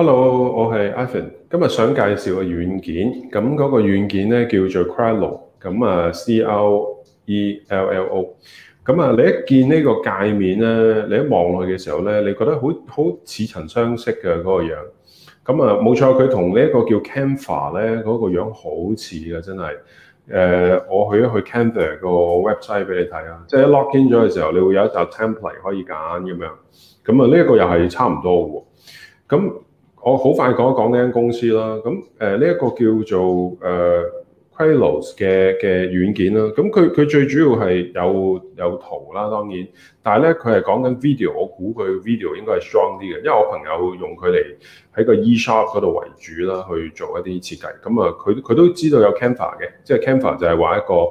Hello，我係 Ivan，今日想介紹個軟件，咁、那、嗰個軟件咧叫做 Crello，咁啊 C, lo, C、R、E L E L L O，咁啊你一見呢個界面咧，你一望佢嘅時候咧，你覺得好好似曾相識嘅嗰、那個樣，咁啊冇錯，佢同呢一個叫 Canva 咧嗰、那個樣好似嘅真係，誒、呃、我去一去 Canva 個 website 俾你睇啊，即係 login 咗嘅時候，你會有一沓 template 可以揀咁樣，咁啊呢一個又係差唔多嘅喎，咁。我好快講一講呢間公司啦，咁誒呢一個叫做誒 Qualos、呃、嘅嘅軟件啦，咁佢佢最主要係有有圖啦，當然，但係咧佢係講緊 video，我估佢 video 應該係 strong 啲嘅，因為我朋友用佢嚟喺個 eShop 嗰度為主啦，去做一啲設計，咁啊佢佢都知道有 Canva m 嘅，即係 Canva m 就係話一個。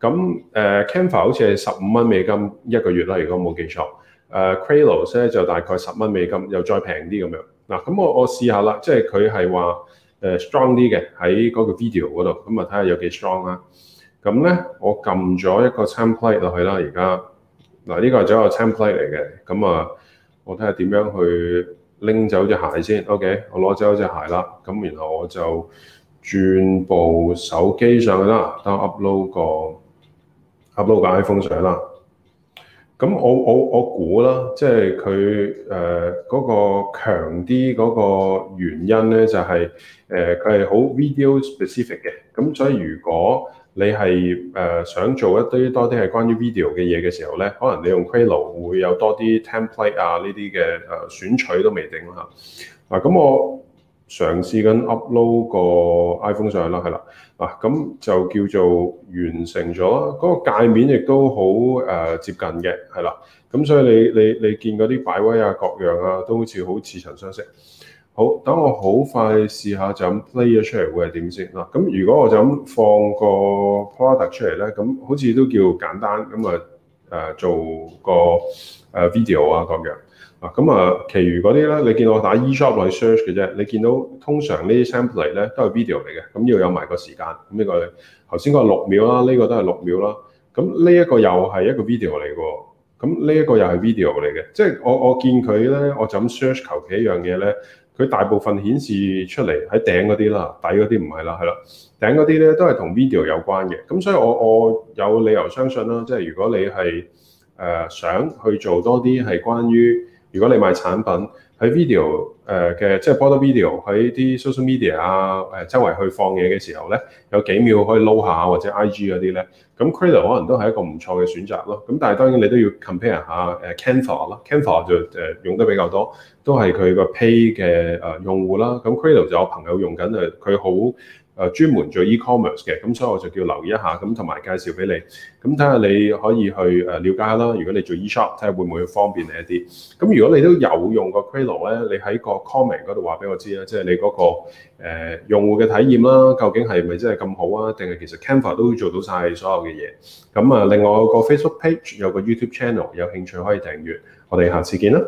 咁誒 Canva 好似係十五蚊美金一個月啦，如果冇記錯。誒 q u a l o 咧就大概十蚊美金，又再平啲咁樣。嗱，咁我我試下啦，即係佢係話誒 strong 啲嘅喺嗰個 video 嗰度，咁啊睇下有幾 strong 啦。咁咧我撳咗一個 template 落去啦，而家嗱呢個係一個 template 嚟嘅，咁啊我睇下點樣去拎走隻鞋先。OK，我攞走隻鞋啦，咁然後我就轉部手機上去啦，等 upload 個 upload 個 iPhone 上啦，咁我我我估啦，即係佢誒嗰個強啲嗰個原因咧，就係誒佢係好 video specific 嘅，咁所以如果你係誒、呃、想做一啲多啲係關於 video 嘅嘢嘅時候咧，可能你用 Qualo 會有多啲 template 啊呢啲嘅誒選取都未定啦，嗱，咁我，嘗試緊 upload 個 iPhone 上去啦，係啦，啊咁就叫做完成咗，嗰、那個界面亦都好誒、呃、接近嘅，係啦，咁所以你你你見嗰啲擺位啊、各樣啊，都好似好似曾相識。好，等我好快試下就咁 play 咗出嚟會係點先？嗱，咁如果我就咁放個 product 出嚟咧，咁好似都叫簡單咁啊誒做個誒 video 啊各樣。啊，咁啊，其餘嗰啲咧，你見我打 eShop 去 search 嘅啫。你見到通常呢啲 sample 嚟咧都係 video 嚟嘅，咁、嗯、要有埋個時間。咁、嗯、呢、這個頭先講六秒啦，呢、這個都係六秒啦。咁呢一個又係一個 video 嚟嘅，咁呢一個又係 video 嚟嘅。即係我我見佢咧，我就咁 search 求其一樣嘢咧，佢大部分顯示出嚟喺頂嗰啲啦，底嗰啲唔係啦，係啦，頂嗰啲咧都係同 video 有關嘅。咁、嗯、所以我我有理由相信啦，即係如果你係誒、呃、想去做多啲係關於。如果你賣產品，喺 video 誒、呃、嘅即係 photo video 喺啲 social media 啊、呃、誒周圍去放嘢嘅時候咧，有幾秒可以撈下或者 IG 啲咧，咁 Cradle 可能都係一個唔錯嘅選擇咯。咁但係當然你都要 compare 下誒 Canva 咯，Canva 就誒用得比較多，都係佢個 pay 嘅誒用戶啦。咁 Cradle 就有朋友用緊誒，佢好誒專門做 e-commerce 嘅，咁所以我就叫留意一下，咁同埋介紹俾你。咁睇下你可以去誒了解下啦。如果你做 e-shop，睇下會唔會方便你一啲。咁如果你都有用過 Cradle，咧，你喺個 comment 嗰度話俾我知啦，即係你嗰個誒用戶嘅體驗啦，究竟係咪真係咁好啊？定係其實 Canva 都會做到晒所有嘅嘢？咁啊，另外個 Facebook page 有個 YouTube channel，有興趣可以訂閱，我哋下次見啦。